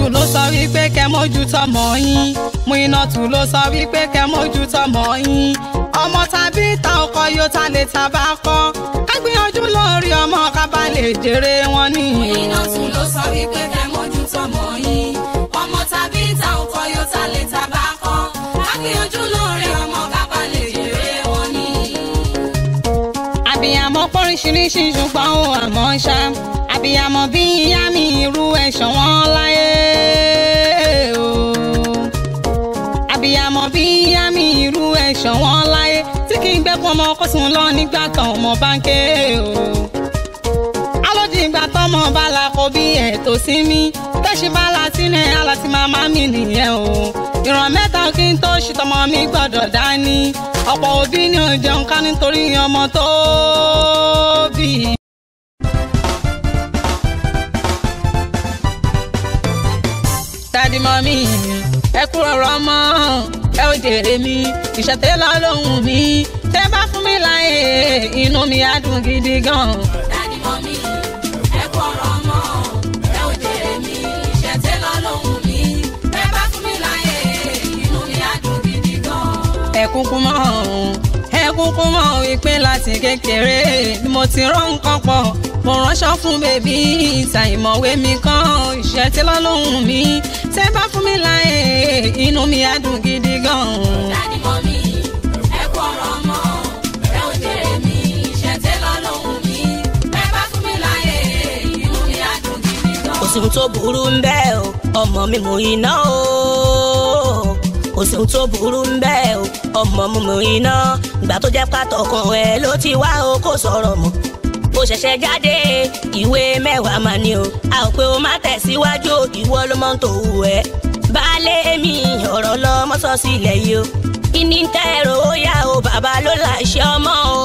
Muinatu ló sọ wípé kẹ́ mójú tọmọ yín Muinatu ló sọ wípé kẹ́ mójú tọmọ yín ọmọ tàbí ta ọkọ yóò ta lè ta bá kọ ká gbìyànjú lórí ọmọ ká bá lè jèrè wọn ni. Muinatu ló sọ wípé kẹ́ mójú tọmọ yín ọmọ tàbí ta ọkọ yóò ta lè ta bá kọ ká gbìyànjú lórí ọmọ ká bá lè jèrè wọn ni. àbíyàmọ́ pọ́nrín ṣiríṣi ṣùgbọ́n ó àmọ́ ṣá àbíyamọ bí ìyá mi irú ẹ̀ ṣọ̀wọ́n láyé o àbíyamọ bí ìyá mi irú ẹ̀ ṣọ̀wọ́n láyé tí kì í gbẹ́kun ọmọ kó sùn lọ nígbà tán ọmọ bá ń ké o alódìgbà tọmọ bá la kó bí ẹ̀ tó sí mi tẹ́sí bá sínú ẹ̀ aláti màmá mi nìyẹn o ìran mẹ́ta kí n tó ṣe tọmọ mi gbọ́dọ̀ dání ọ̀pọ̀ òbí ni ò jẹun ká nítorí ọmọ tó bí. mi ẹ kú ọ̀rọ̀ mọ́ ẹ ò jèrè mi ìṣẹ̀tẹ̀ lọ lóhùn mi tẹ́ bá fún mi láyè inú mi á dùn gidi gan. dádì mọ́ mi ẹ kú mi ìṣẹ̀tẹ̀ lọ lóhùn mi tẹ́ bá mi láyè gidi gan. ẹ kúkú mọ̀ wípé láti kékeré bí mo ti rán nǹkan pọ̀ mo ránṣọ fún bèbí ìta mi kan iṣẹ́ tí lọ́lọ́hùn mi tẹ́ bá fún mi láyè inú mi á dùn gidi gan-an. dáàdì mọ́ mi ẹ kú ọ̀rọ̀ ọmọ ẹ ò jèrè mi iṣẹ́ tí lọ́lọ́hùn mi tẹ́ bá fún mi láyè inú mi á dùn gidi gan-an. kò sí ohun tó burú ń bẹ́ẹ̀ o ọmọ mi mò ń iná o kò sí ohun tó burú ń bẹ́ẹ̀ o ọmọ mímú iná ìgbà tó jẹ́ pàtọkàn ẹ ló ti wá o kò sọ̀rọ̀ mọ́ ó ṣẹ̀ṣẹ̀ jáde ìwé mẹ́wàá máa ní o a ò pé o má tẹ̀síwájú ìwọ ló mọ́ tó wù ẹ́ baálé mi ọ̀rọ̀ lọ mọ́sọ̀ọ́sì ilẹ̀ yìí o kí ni tẹ́ ẹ̀rọ ó yá o bàbá ló láṣẹ ọmọ o.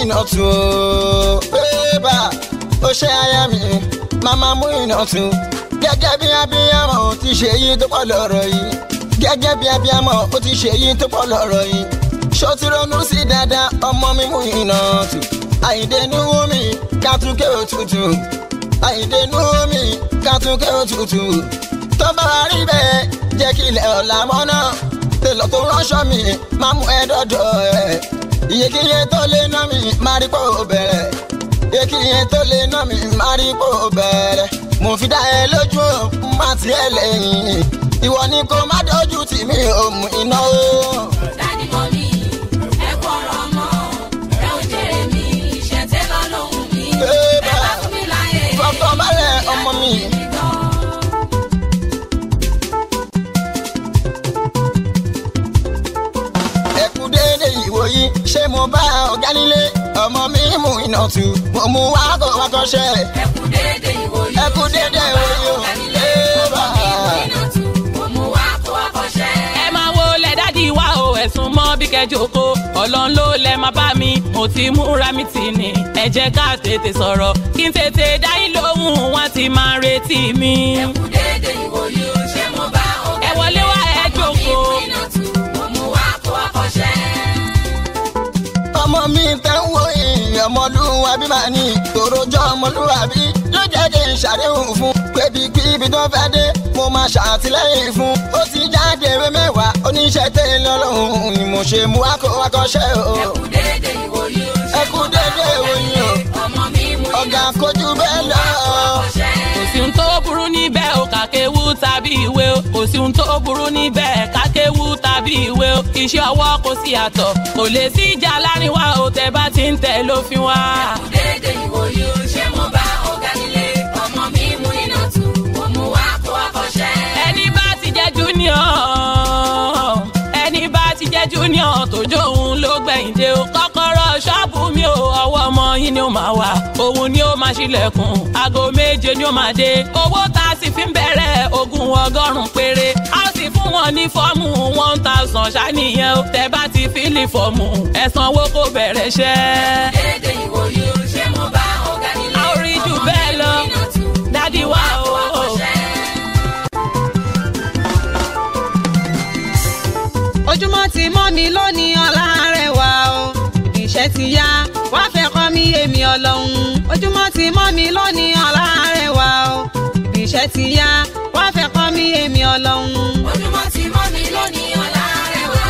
Muinatu bébà ó aya mi màmá Muinatu gẹ́gẹ́ bí abiyamọ ó ti ṣe yí tó pọ̀ lọ́rọ̀ yìí gẹ́gẹ́ bí abiyamọ ó ti ṣe yí tó pọ̀ lọ́rọ̀ yìí ṣó ronú sí dáadáa ọmọ mi Muinatu àyìndé nuwó mi kátúkẹ́ òtútù àyìndé nuwó mi kátúkẹ́ òtútù tó bá rí bẹ́ẹ̀ jẹ́ kí ilẹ̀ ọ̀la mọ́ná tèlọ́ tó ránṣọ́ mi máa mú ẹ dọ́dọ̀ ẹ̀ iyekiye tó lé ná mi máa rí pò bẹ̀rẹ̀ iyekiye tó lé ná mi máa rí pò bẹ̀rẹ̀ mo fi dá ẹ lójú má tiẹ̀ lẹ́yìn ìwọ ni kò má dojú tì mí òmù iná o. ọ̀gánilé ọmọ mi mú iná tu mo mú wá kó wá kọ́ṣẹ́. ẹ kú déédéé ìwòye ẹ kú déédéé ìwòye o ẹ bá ẹ̀sùn mọ́ bí kẹjọkọ ọlọ́run ló lẹ máa bá mi mo ti múra mi tì ní ẹ jẹ́ ká tètè sọ̀rọ̀ kí n tètè dá yín lóhùn wọ́n ti máa retí mi. ẹ kú déédéé ìwòye o ṣé mo bá ọkọ mi ẹ wọlé wá ẹ jókòó ọmọ mi ìpinnu tù mo mú wá kó wá ọmọ mi fẹ́ ń wo èèyàn ọmọlúwàbí máa ní tòrójọ́ ọmọlúwàbí ló jẹ́ ṣàdéhùn fún pébi tó fẹ́ dé mo máa ṣàtìlẹ́yìn fún ó ti jáde ewé mẹ́wàá oníṣẹ́ tẹ́ lọ́lọ́hún ni mo ṣe mú akọ́ṣẹ́ o. ẹ déédéé ìwòyí o. ẹ kú déédéé ìwòyí o. ọmọ mi mú yín. ọ̀gá kojú bẹ́ẹ̀ lọ sí ohun tó burú níbẹ̀ o kàkéwú tàbí ìwé o kò sí ohun tó burú níbẹ̀ kàkéwú tàbí ìwé o iṣẹ́ ọwọ́ kò sí àtọ̀ kò lè sí ìjà láàrin wa o tẹ bá ti ń tẹ̀ lófin wa. ìyàkùdéédé ìwòye o ṣé mo bá ọ̀gá nílé ọmọ mi mú iná tù mo mú wá kó wá ẹni bá ti jẹ́ junior kí n bá ti jẹ́ junior tòjó òun ló gbẹ̀yìn dé o kọ́kọ́rọ́ ṣọ́ọ̀bù mi ò ọwọ́ ọmọ yín ni ó máa wà òun ni ó máa ṣílẹ̀kùn aago méje ni ó máa dé owó tá a fi ń bẹ̀rẹ̀ ogún ọgọ́rùn-ún péré a sì fún wọn ní fọ́ọ̀mù one thousand ṣáníyẹn o bá ti fílì fọ́ọ̀mù ẹ sanwó kó bẹ̀rẹ̀ iṣẹ́. kéde ìwòye o. lónìí lónìí ọ̀la rẹ̀ wá o ìṣẹ́ ti yá wá fẹ́ kọ́ mi èmi ọlọ́run ojúmọ́ ti mọ́ mi lónìí ọ̀la rẹ̀ wá o ìṣẹ́ ti yá wá fẹ́ kọ́ mi èmi ọlọ́run. ojúmọ́ ti mọ́ mi lónìí ọ̀la rẹ̀ wá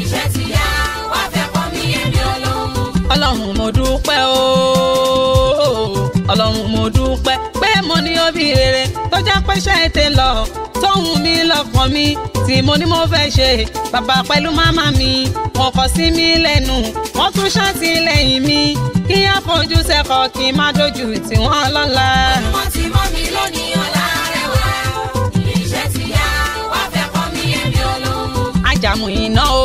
ìṣẹ́ ti yá wá fẹ́ kọ́ mi èmi ọlọ́run. ọlọ́run mo dúpẹ́ o ọlọ́run mo dúpẹ́ mo ní obì rere tó já pẹ́ṣẹ́ ètè lọ tóhun mi lọ́kàn mi tí mo ní mo fẹ́ ṣe bàbá pẹ̀lú màmá mi wọn kò sí mi lẹ́nu wọ́n tún ṣàtìlẹ́yìn mi kí á fojú sẹ́kọ̀ kí n má dojú tì wọ́n lọ́la. wọ́n ti mọ́ mi lónìí ọ̀la rẹ̀ wá ilé iṣẹ́ ti yá wá fẹ́ kọ́ mi èmi olówó. ajamu iná o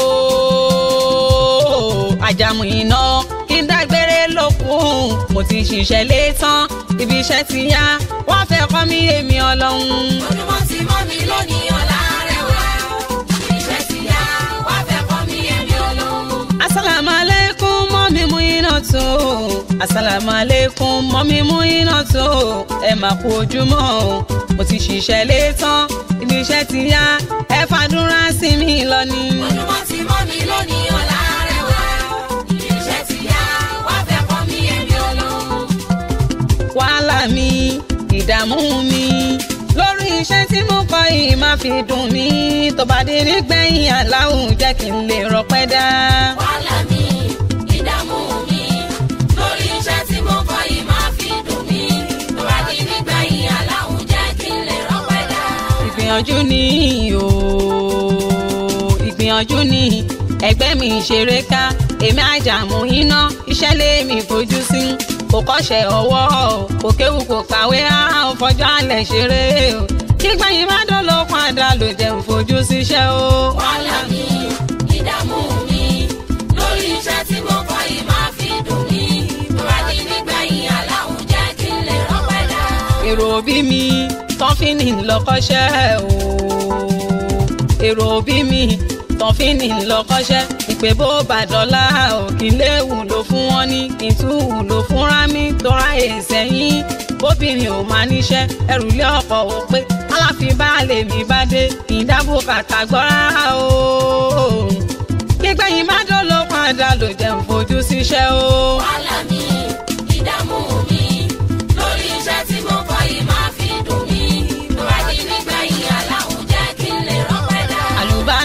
ajamu iná kí n dágbére lókun mo ti ṣiṣẹ́ lé tán ibi iṣẹ́ ti yá wọ́n fẹ́ kọ́ mí èmi ọlọ́run. ojúmọ́ ti mọ́ mi lónìí ọ̀la rẹwà ibi iṣẹ́ ti yá wọ́n fẹ́ kọ́ mí èmi ọlọ́run. asalaamu aleykum mọ́mí mú iná tó asalaamu aleykum mọ́mí mú iná tó ẹ má kú ojúmọ́ o mo ti ṣiṣẹ́ lé tán ibi iṣẹ́ ti yá ẹ fàdúrà sí mi lọ ni. ojúmọ́ ti mọ́ mi lónìí ọ̀la. mi ìdààmú mi lórí iṣẹ́ tí mo kọ yìí má fi dùn mí tó bá dé rí gbẹ̀yìn aláwọ̀ jẹ́ kí n lè rọpẹ́ dá. wàhálà mi ìdààmú mi lórí iṣẹ́ tí mo kọ yìí má fi dùn mí tó bá dé rí gbẹ̀yìn aláwọ̀ jẹ́ kí n lè rọpẹ́ dá. ìgbìyànjú ni o ìgbìyànjú ni ẹgbẹ́ mi ṣeré ká èmi àjàmú iná iṣẹ́ lèmi fojú sí kò kọ́ṣẹ́ ọwọ́ o kò kéwu kò kàwé áhà fọjọ́ alẹ̀ ṣeré o kígbẹ̀yìn má dọ́lọ́ padà ló jẹun fojú síṣẹ́ o. wàhálà mi ìdààmú mi lórí iṣẹ́ tí mo kọ́ yìí máa fi dùn mí bàbá mi nígbẹ̀yìn aláwùn jẹ́ kí n lè rọ́pẹ́ dá. èrò òbí mi tán fi ní lọ́kọ́ṣẹ́ o èrò òbí mi tán fínì lọ kọ́ṣẹ́ ìpè bó bàdọ́lá òkì léwu ló fún wọn ní kì í tún wù ló fún rámí tó ráyè sẹ́yìn bóbìnrin ò máa níṣẹ́ ẹrù lé ọkọ̀ ò pé aláfi bá lè mí bá dé kì bàtà gbọ́ra o. gbígbẹ̀yìn má dó ló padà lò jẹun fojú síṣẹ́ o. wàhálà mi.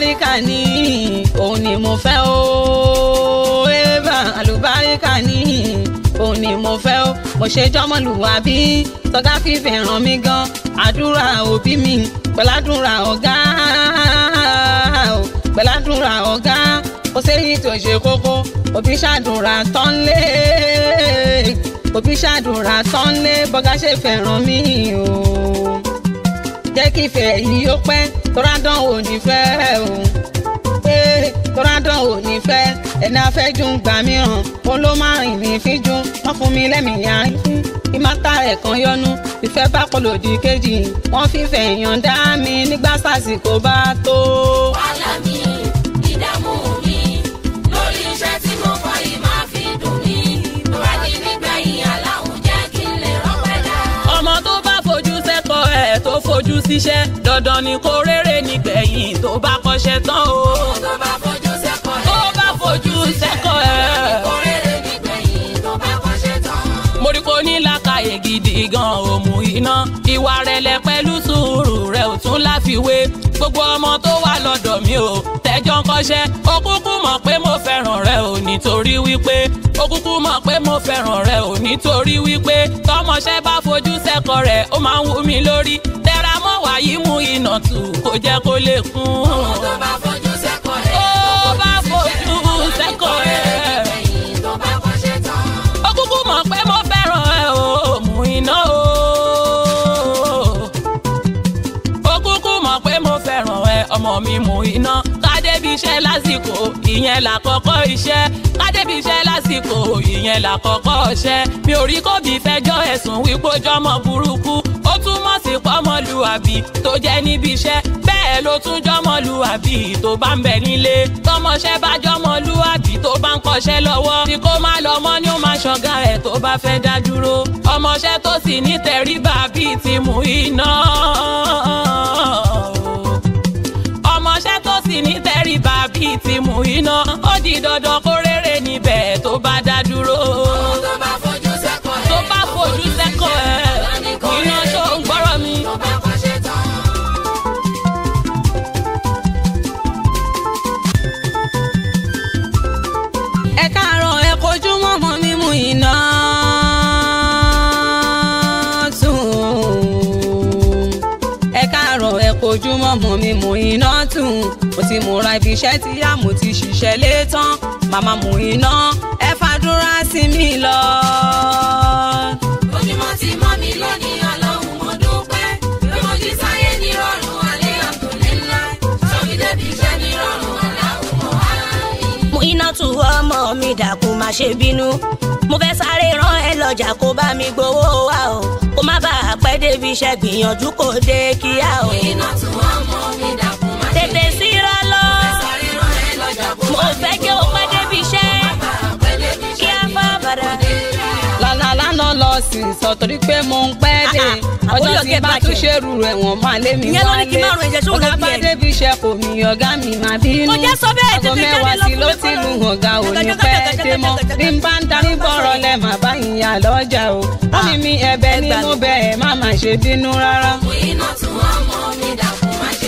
Alubarika ni òun ni mo fẹ́ o eva alubarika ni òun ni mo fẹ́ o mo ṣe jọmọlúwàbí tọ́gá fífẹ́ ràn mí gan àdúrà òbí mi pẹ̀ládúrà ọ̀gá o pẹ̀ládúrà ọ̀gá ó ṣe yí tó ṣe kókó òbí ṣàdúrà tán lé òbí ṣàdúrà tán lé bọ́gá ṣe fẹ́ràn mí o jẹ́ kí ìfẹ́ yìí ó pẹ́ tọ́rádán ò ní fẹ́ òun eh, tọ́rádán ò ní fẹ́ ẹni afẹ́jú gbà mìíràn mo ló máa rìn mí fíjú wọ́n fún mi lẹ́mìíyá yín ẹ̀kan yọnu ìfẹ́ bá pọ̀ lòdì kejì wọ́n fífẹ̀ èèyàn dá mi nígbà sásìkò bá tó. fojú síṣẹ́ dandan ni kó rere ní kẹ̀yìn tó bá kọ́ṣẹ́ tán o. tó bá fojú sẹ́kọ̀ọ́ ẹ̀ tó ni kó rere ní kẹ̀yìn tó Moriko ní làkàyè gidi gan òmù iná ìwà rẹ̀lẹ̀ pẹ̀lú sùúrù rẹ̀ ò tún láfiwé gbogbo ọmọ tó wà lọ́dọ̀ mi o tẹ́jọ́ ń kọ́ṣẹ́ ó kúkú mọ̀ pé mo fẹ́ràn rẹ ò nítorí wípé ó mọ̀ pé mo fẹ́ràn rẹ ò nítorí wípé tọmọṣẹ́ bá fojú ẹ̀kọ́ rẹ̀ ó máa ń wú mi lórí tẹra mọ́ wàyí mú iná tù kó jẹ́ kó lè kún. ọmọ tó bá fojú sẹ́kọ̀ọ́ rẹ̀ ó bá fojú sẹ́kọ̀ọ́ rẹ̀. ó kúkú mọ̀ pé mo fẹ́ràn ẹ o mú iná o. ó kúkú mọ̀ pé mo fẹ́ràn ẹ ọmọ mi mú iná kádébí iṣẹ́ lásìkò ìyẹn làkọ́kọ́ iṣẹ́ kádébí iṣẹ́ lásìkò ìyẹn làkọ́kọ́ iṣẹ́ mi ò rí ti fẹjọ́ ẹ̀sùn wípé jọmọ burúkú ó túmọ̀ sí pọ́mọlúàbí tó jẹ́ níbi iṣẹ́ bẹ́ẹ̀ ló tún jọmọlúàbí tó bá ń bẹ nílé tọmọṣẹ́ bá jọmọlúàbí tó bá ń kọ́ṣẹ́ lọ́wọ́ tí kò má lọ mọ́ ni ó máa ṣọ̀gá ẹ̀ tó bá fẹ́ dá dúró ọmọṣẹ́ tó sì ní tẹríba bíi ti mú iná ọmọṣẹ́ tó sì ní tẹríba bíi ti mú iná ó di dandan kó rere níbẹ̀ tó bá dá dúró lẹ́kọ̀ọ́ ẹ̀ iná ṣó ń gbọ́rọ̀ mi. ẹ káàárọ̀ ẹ kojú mọ́mọ́ mi mú iná tún. ẹ káàárọ̀ ẹ kojú mi mú iná tún. mo ti múra ibi iṣẹ́ tí yá mo ti ṣiṣẹ́ lé tán màmá mú iná ẹ fàdúrà sí mi lọ. dákun má ṣe bínú mo fẹ́ sáré rán ẹ lọ́jà kó bá mi gbowó wa o kó má bàa pẹ́ débi iṣẹ́ gbìyànjú kó dé kíá o. iná tí wọ́n mú mi dàkú. sì ń sọ torí pé mo ń pẹ́ dé ah, ah, ọjọ́ tí bá tún ṣerú rẹ̀ wọ́n máa lé mi wálé ọ̀gá bá débi iṣẹ́ kò mí ọ̀gá mi máa bínú ọgọ́ mẹ́wàá sí ló ti lu ọ̀gá ò pẹ́ dé mọ́ bí n bá ń darí bọ̀rọ̀ lẹ́ màá bá ìyá lọ́jà o mọ́mí mi ni mo bẹ̀ ẹ̀ má má ṣe bínú rárá. mo tí wọ́n mọ́ mi dà fún wájú.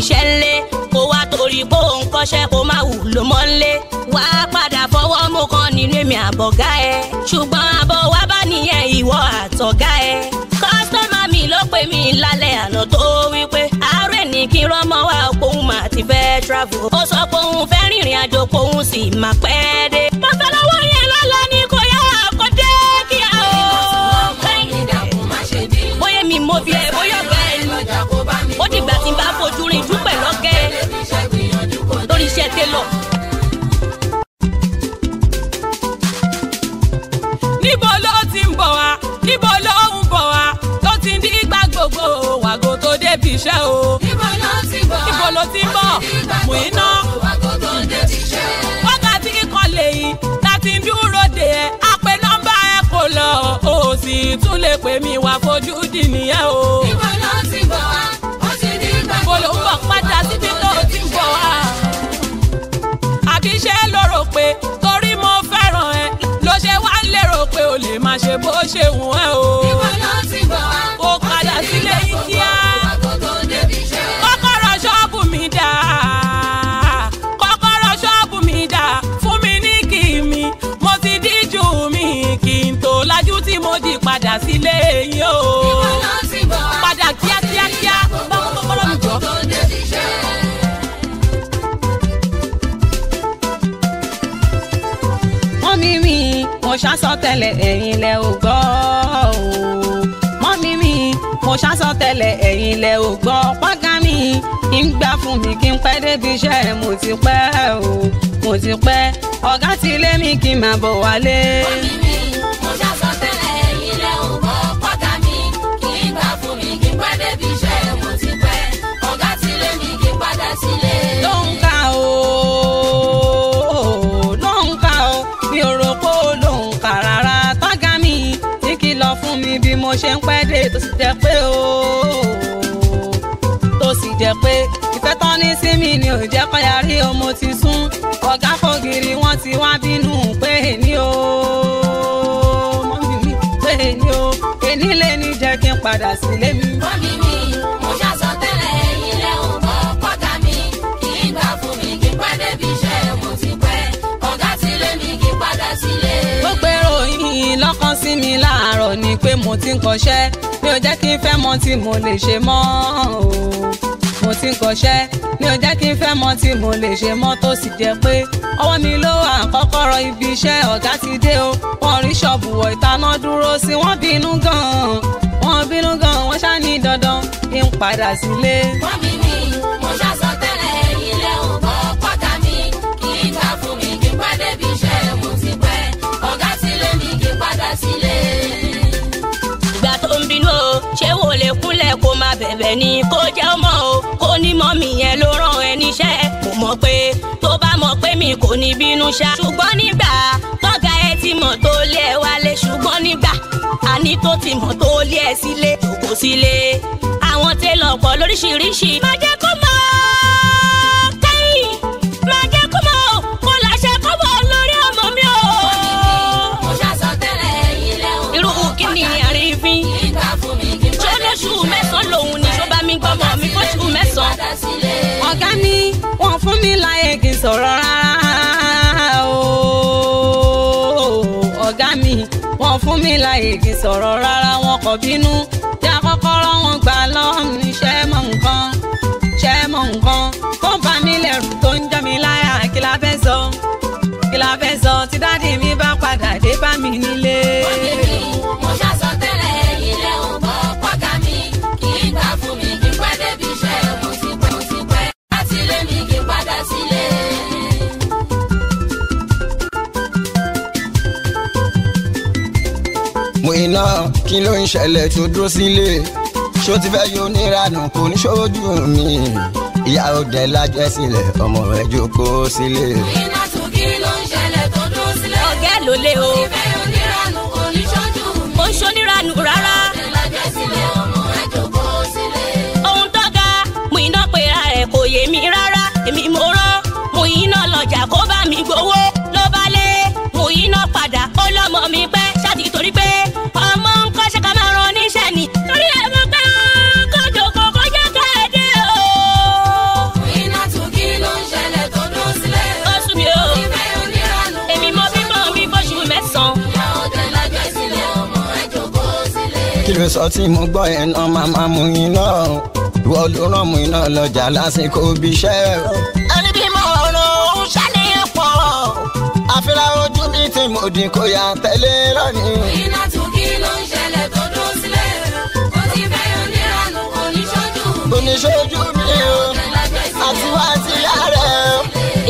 níṣẹ́ ńlé kó wá torí bó ń kọ́ṣẹ́ kó má wù ló mọ́ ńlé wá padà fọwọ́ mú kan nínú èmi àbọ̀gá ẹ ṣùgbọ́n àbọ̀ wá bá nìyẹn ìwọ àtọ̀gá ẹ kọ́sítọ́mà mi ló pè mí lálẹ́ àná tó wípé àárẹ̀ ní kí rọ́mọ wá òpóhùn mà ti fẹ́ travel ó sọ pé òun fẹ́ rìnrìn àjò pòun sì máa pẹ́ níbo ló ń bọ̀ wá tó ti ń dígbà gbogbo wàgò tó débi iṣẹ́ o. níbo ló ti bọ̀ níbo ló ti bọ̀ mú iná. wákàtí ìkọlẹ̀ yìí láti dúró de ẹ á pe nọ́mbà ẹ kò lọ o sì tún lè pè mí wá fojú dì nìyẹn o. níbo ló ti bọ̀ wá ó ti dígbà gbogbo wàgò tó débi iṣẹ́ o. níbo ló ń bọ̀ padà síbi tó ti bọ̀ wá. àbí ṣé ló rò pé. ṣe bó ṣe wù ẹ́ o. ìwọ ló ti gbọ́ wá. kó padà sílé yìí kíá. kọ́kọ́rọ́ ṣọ́ọ̀bù mi dà. kọ́kọ́rọ́ ṣọ́ọ̀bù mi dà. fún mi ní kì mi. mo ti díjú mi kì í tó lajú tí mo di padà sílé yìí o. ìwọ ló ti gbọ́ wá. padà kíákíá. ṣàṣọ tẹ́lẹ̀ ẹ̀yin lẹ ò gbọ́ o mọ́mí mi mo ṣàṣọ tẹ́lẹ̀ ẹ̀yin lẹ ò gbọ́ pọ́gá mi kí n gbà fún mi kí n pẹ́ débi iṣẹ́ mo ti pẹ́ o mo ti pẹ́ ọ̀gá ti lé mi kí n máa bọ̀ wálé. mọ́mí mi mo ṣàṣọ mo ṣe ń pẹ́ dé tó sì jẹ́ pé o tó sì jẹ́ pé ìfẹ́ tán ní sí mi ni ò jẹ́ kọ́yàrí o mo ti sún ọ̀gá fògiri wọ́n ti wá bínú pé èní o mi pé ni. o èní lè ní jẹ́ kí n padà sílé mi. mọ́mí mi mo ṣàṣọ tẹ́lẹ̀ ẹ̀yìn mi kì í gbà fún mi kí pẹ́ débi iṣẹ́ ọ̀gá sílé mi kí padà sílé. ó gbèrò yìí lọ́kàn sí mi láàárọ̀ mo ti ń kọṣẹ́ mi ò jẹ́ kí n fẹ́ mọ tí mo lè ṣe mọ́ o mo ti ń kọṣẹ́ mi ò jẹ́ kí n fẹ́ mọ tí mo lè ṣe mọ́ tó sì jẹ́ pé ọwọ́ mi ló wà kọ́kọ́rọ́ ibi iṣẹ́ ọ̀gá ti dé o wọ́n rí ṣọ́ọ̀bù wọ̀ ìtaná dúró sí wọ́n bínú gan-an wọ́n bínú gan-an wọ́n ṣá ní dandan kí n padà sílé. wọ́n bí mi mo ṣá sọ. abẹ̀bẹ̀ ni kó jẹ́ ọmọ o kó ní mọ́mì yẹn ló rán ẹ níṣẹ́ mo mọ̀ pé tó bá mọ̀ pé mi kò ní bínú ṣá. ṣùgbọ́n nígbà tọ́gà ẹ ti mọ̀ tó lé ẹ wálé ṣùgbọ́n nígbà àní tó ti mọ̀ tó lé ẹ sílé kò sílé àwọn télọ̀ pọ̀ lóríṣiríṣi má jẹ́ kó mọ̀. ní láyé kí n sọ̀rọ̀ rárá o ọ̀gá mi wọ́n fún mi láyé kí n sọ̀rọ̀ rárá wọn kò bínú já kọ́kọ́rọ́ wọn gbà lọ́wọ́ mi ṣẹ́ mọ̀ nǹkan ṣẹ́ mọ̀ nǹkan kó bá mi lẹ́rù tó ń jẹ́ mi láyà kí la fẹ́ sọ kí la fẹ́ sọ tí dáàdi mi bá padà dé bá mi nílé. náà kí ló ń ṣẹlẹ̀ tó dúró sílé ṣó ti fẹ́ yóò níranù kò ní ṣojú mi ìyá òde lájẹ́ sílẹ̀ ọmọ rẹ̀ jókòó sílé. iná tó kiri ló ń ṣẹlẹ̀ tó dúró sílé. ọ̀gá ẹ̀ ló lé o. kí n sọ tí mo gbọ́ ẹ̀ náà máa máa mú iná ìwọ ló ràn mú iná lọ́jà lásìkò bíṣẹ́. ẹni bí mo rò ó ṣàníyàn pọ̀ àfihàn ojú mi tí mo dín kò yà tẹ́lẹ̀ lọ́nìí. iná tún kí ló ń ṣẹlẹ̀ tó dún sílẹ̀ kó ti fẹ́ yọ níranú oníṣojú mi. oníṣojú mi o àti wá sí yàrá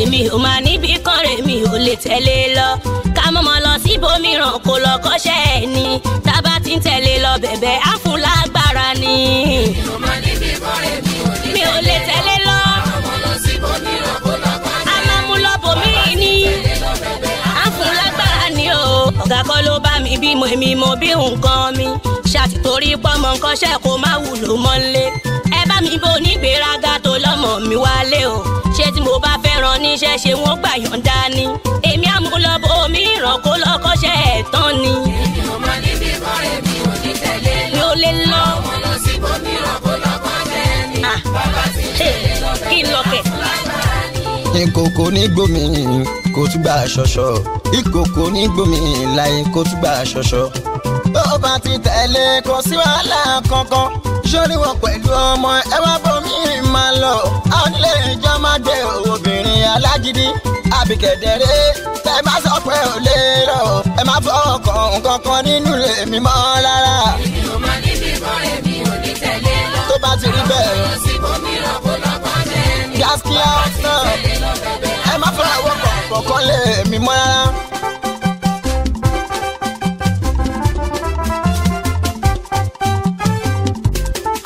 èmi ò máa níbi kan rẹ̀ mi ò lè tẹ̀lé lọ ká mọ̀mọ́ lọ síbòmíràn kó lọ kọ́ṣẹ́ ẹ̀ ni tá a bá ti ń tẹ̀lé. mi bí mo mi mo bí nǹkan mi ṣàtìtorí pọ́mọ nǹkan ṣẹ́ kó má wúlò mọ́lé ẹ bá mi bó nígbéraga tó lọ́mọ mi wálé o ṣé tí mo bá fẹ́ràn níṣẹ́ ṣé wọ́n gbà yọ̀ǹda èmi àmúlọ́bọ̀ mi ràn kó lọ́kọ́ṣẹ́ ẹ̀ tán ni. ìkòkò ní gbòmí kò tún gbà ṣọṣọ ìkòkò ní gbòmí láyé kò tún gbà ṣọṣọ. bó bá ti tẹ̀lé kò sí wàhálà kankan sórí wọn pẹ̀lú ọmọ ẹ wá bomi máa lọ àwọn ilé ìjọ máa gbé obìnrin alágídí àbíkẹ̀dẹ̀rẹ́ tẹ bá sọ pé ò lè rọ ẹ má fọ ọkàn kankan nínú èmi mọ́ rárá. èmi ò máa níbi mọ́ èmi ò ní tẹ̀lé lọ. tó bá ti rí bẹ́ẹ̀. àwọn ọmọ yóò sì bomi rọ̀ first class náà ẹ má fara wọ́pọ̀ kọ̀ọ̀kan lè mí mọ́ rárá.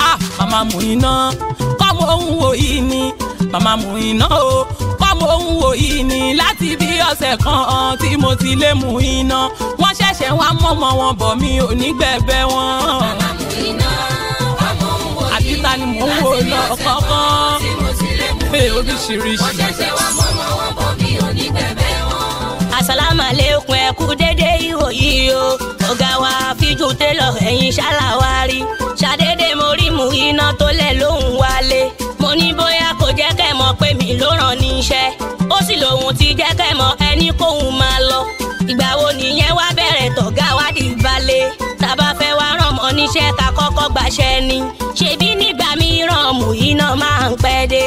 Ah, màmá mú iná kọ́mọ òun wò yìí ni màmá mú iná o kọ́mọ òun wò yìí ni láti bí ọ̀sẹ̀ kan tí mo ti lè mú iná wọ́n ṣẹ̀ṣẹ̀ wá mọ́mọ́ wọn bọ̀ mi ò ní gbẹ̀gbẹ́ wọn. màmá mú iná kọ́mọ òun wò yìí ni láti bí ọ̀sẹ̀ kan tí mo ti lè mú iná àbí ta ni mò ń wò lọ kọ́kọ́ pé oríṣiríṣi. wọ́n ṣẹ̀ṣẹ̀ wá mọ́mọ́ wọn bò mí ò ní bẹ̀bẹ̀ wọn. àsálàmàlékún ẹ kú dédé ìwò yìí o ọ̀gá wa fíjú télọ̀ ẹ̀yìn ṣáláwárí ṣàdédé mo rí mú iná tó lẹ̀ lóhùn wálé mo ní bóyá kò jẹ́ kẹ́ mọ̀ pé mi ló ràn níṣẹ́ ó sì lòun ti jẹ́ kẹ́ mọ̀ ẹni kóhun máa lọ ìgbà wo nìyẹn wá bẹ̀rẹ̀ tọ̀gá wádìí balẹ̀ tá fẹ́ ni onírànmù yìí náà máa ń pẹ́ dé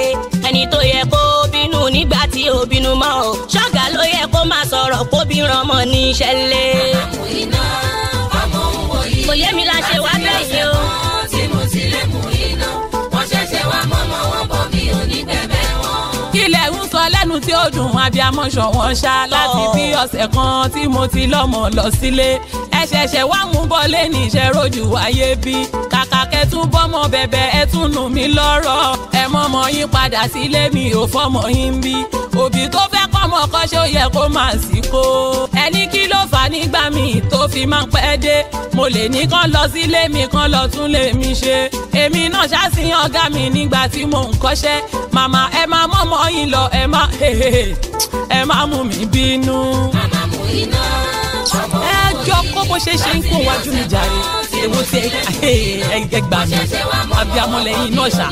ẹni tó yẹ kó bínú nígbà tí ò bínú mọ́ ò ṣọ́gà ló yẹ kó máa sọ̀rọ̀ kó bí ràn ní ìṣẹ̀lẹ̀. àmọ́ yìí náà ọmọ òun wò kò yé mi láṣẹ wá. jẹ́ ń sọ lẹ́nu tí ó dùn abiyamọ ṣọ̀wọ́n ṣá láti bí oh. ọ̀sẹ̀ kan tí mo ti lọ́mọ lọ sílé ẹ ṣẹ̀ṣẹ̀ wá mú bọ́lé níṣẹ́ rojú ayé bí kàkà kẹtù bọ́mọ bẹ̀bẹ̀ ẹ tún lọ́rọ̀ ẹ mọ́mọ yín padà sílé mi ò fọ́mọ yín bí òbí tó fẹ́ kọ́mọ kọ́ṣẹ́ ó yẹ kó máa sì kó ẹni kí ló fà nígbà míì tó fi máa ń pẹ́ dé mo lè ní kán lọ sílé mi kán lọ tún lè mi ṣe èmi náà ṣáàsìn ọ̀gá mi nígbà tí mo ń kọ́ṣẹ́ màmá ẹ máa mọ́mọ yín lọ ẹ má ẹ má mú mi bínú. ẹ jọ kó bó ṣe ṣe ń kó wájú mi jàre èwo ṣe ẹgbẹgbà mi àbí amọ̀lẹ́yìn náà ṣá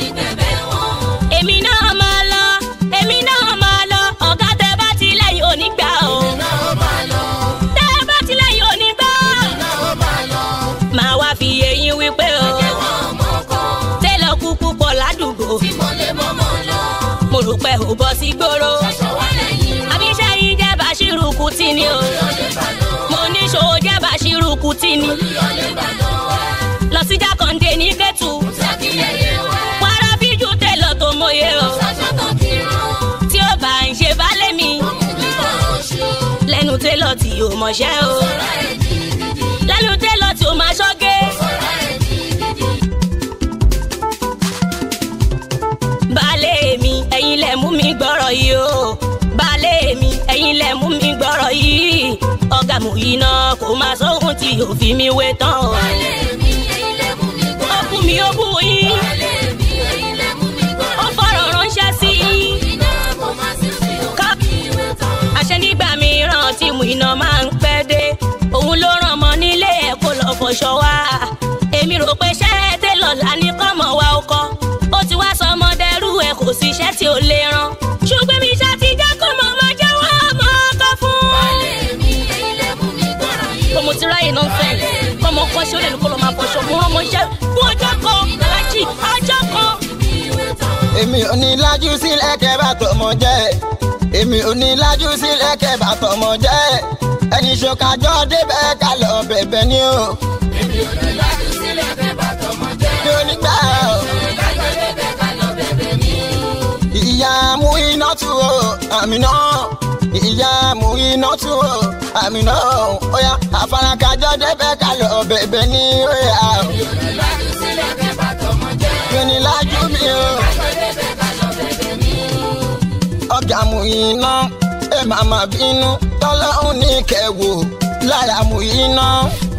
èmi náà máa lọ èmi náà máa lọ ọ̀gá tẹ bá ti lẹ́yìn òní gbà o. èmi náà máa ti lẹ́yìn òní gbà. èmi náà máa lọ. màá wá fi eyín wípé o. ẹ̀jẹ̀ wọn mọ kọ́. tẹ́lọ̀ kúkú pọ̀ ládùúgbò. tí mo lè mọ́ mọ́ lọ. mo rò pé ò bọ́ sí gbòòrò. ṣọṣọ yìí jẹ́ bàṣírù kùtì ni o. mo ní ṣòwò jẹ́ bàṣírù kùtì lọ sí jákàndé ní kẹ́tù. mo ṣàkíyèyè télọ̀ tí o mọ̀ṣẹ́ o lẹ́nu télọ̀ tí o máa ṣọ́gé. baálé mi ẹ̀yin lẹ mú mi gbọ́rọ̀ yìí o baálé mi ẹ̀yin lẹ mú mi gbọ́rọ̀ yìí ọ̀gá mú iná kó máa sóhun tí yóò fi mi wé tán o. baálé mi. iná máa ń pẹ́ dé òun ló ràn mọ́ nílé ẹ̀kọ́ lọ fọṣọ wá èmi rò pé ṣẹ́ télọ̀ lání kọ́mọ wa ó kọ́ ó ti wá sọ ọmọdé rú ẹ kò sí iṣẹ́ tí ò lè rán ṣùgbọ́n mi ṣá ti jẹ́ kó mọ̀ máa jẹ́wọ́ ọmọ ọkọ fún. ọmọ tí ráyè náà fẹ́ ọmọ kan ṣe ó lè kó lọ máa fọṣọ mú ọmọ jẹ́ fún ọjọ́ kan alájì ọjọ́ kan. èmi ò ní lájú sílẹ̀ kẹ́ bá tọmọ jẹ́ èmi ò ní lájú sílẹ̀ kẹfà tọmọ jẹ́ ẹni ṣokàjọ́ débẹ̀ ká lọ bẹ̀bẹ̀ ni o. èmi ò ní lájú sílẹ̀ kẹfà tọmọ jẹ́ mi ò o. ṣokàjọ́ débẹ̀ ká lọ bẹ̀bẹ̀ ni o. ìyá mú iná tu o àmì náà ìyá mú iná tu o àmì náà ó yá àfarakàjọ́ débẹ̀ ká lọ bẹ̀bẹ̀ ni o. èmi ò ní lájú sílẹ̀ kẹfà tọmọ jẹ́ mi ò ní lájú mi o. ṣokàjọ́ débẹ̀ láyàmú iná ẹ má má bínú tọ́lá ò ní kẹwò láyàmú iná.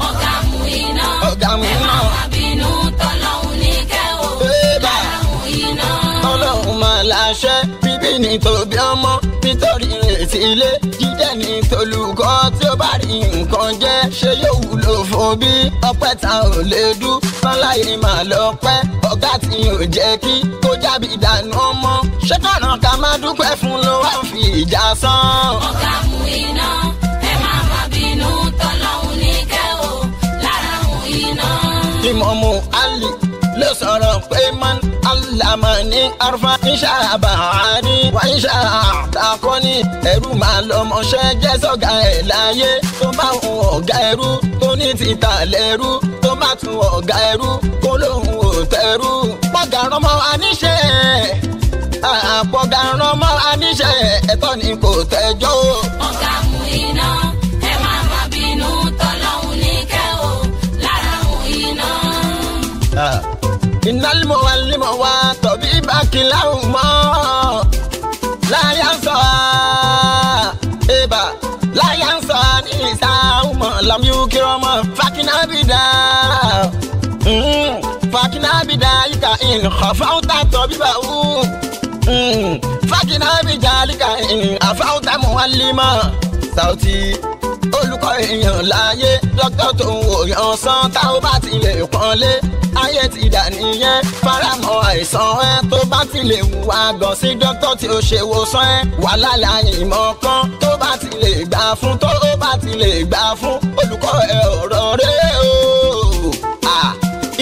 ọ̀gá mú iná ọ̀gá mú iná ẹ má má bínú tọ́lá ò ní kẹwò láyàmú iná. ọlọ́run máa láṣẹ bíbí ni tòbí ọmọ nítorí ìrètí ilé jíjẹ́ ní tolùkọ́ tí ó bá rí nǹkan jẹ́ ṣé yóò wúlò fún bí ọpẹ́ ta ò lè dú fọláyé máa lọ pẹ́ ọ̀gá tí ò jẹ́ kí kó jábí dànù ọmọ ṣé kọ̀nà ká má dúpẹ́ fún ló fi ìjà sán. ọ̀gá mú iná. Lamani arfa baani àbáwárí wá ìṣà àtàkọ́ni ẹ̀rú máa lọ́mọṣẹ́ jẹ́ sọ́gà ẹ̀ láyé tó bá hun ọ̀gá ẹrú tó ní títà lẹ́rú tó bá tún ọ̀gá ẹrú kó lóhun ò tẹ́rú. pọ́gà rọmọ aníṣe àpọ̀gà rọmọ aníṣe ẹ̀tọ́ ni kò tẹ́jọ́. ọ̀gá mú. ìnálímọ̀ wa límọ̀ wa tọ̀bí bákì láhùn mọ́ láyánsọ ẹ̀bà láyánsọ ní ìsáhùn mọ́ lámú kírọ́ mọ́ fàkínábìdá mm-hmm, fàkínábìdá yíká ìlú kọ̀fáwùtà tọ̀bí bá wù mm-hmm, fàkínábìdá yíká ìlú àfáwùtà mọ́ wá límọ̀ Sauti kọ èèyàn láyé lọ́kàn tó ń wòyàn sán tá ó bá ti lè pọ́nlé ayé ti dà nìyẹn faramọ́ àìsàn ẹ tó bá ti lè wùwà gàn sí dókítà tí ó ṣe wòsàn ẹ wà láláyé ìmọ̀ kan tó bá ti lè gbà fún tó bá ti lè gbà fún olùkọ́ ẹ ọ̀rọ̀ rẹ o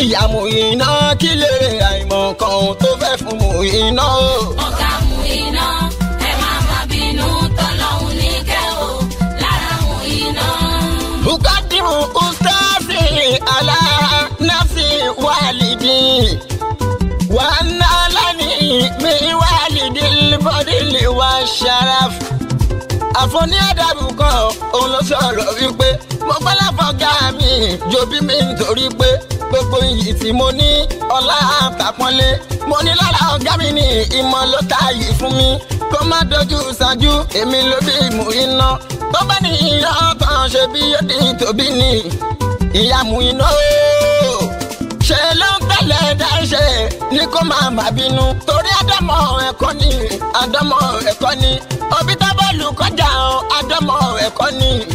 ìyá Muyina kí lèrè àìmọ̀ kan tó fẹ́ fún Muyina o. ọ̀gá Muyina. àfọ̀ní àdàrú kan òun ló sọ̀rọ̀ wípé mo pẹ́ láfọ̀gá mi jòbí mi nítorí pé gbogbo iyì tí mo ní ọlá àtàpọ́nlé mo ní lára ọ̀gá mi ní ìmọ̀ ló tààyè fún mi kó má dojú ṣáájú èmi ló bí mú iná tó bá ní ìran kan ṣe bí yóò di tòbí ni ìyá mú iná ooo ṣe ló ń tẹ̀lé dáṣe ní kó máa má bínú torí àdámọ̀ ẹ̀kọ́ ni àdámọ̀ ẹ̀kọ́ ni kọjá ọ àjọmọ ẹ̀kọ́ ni.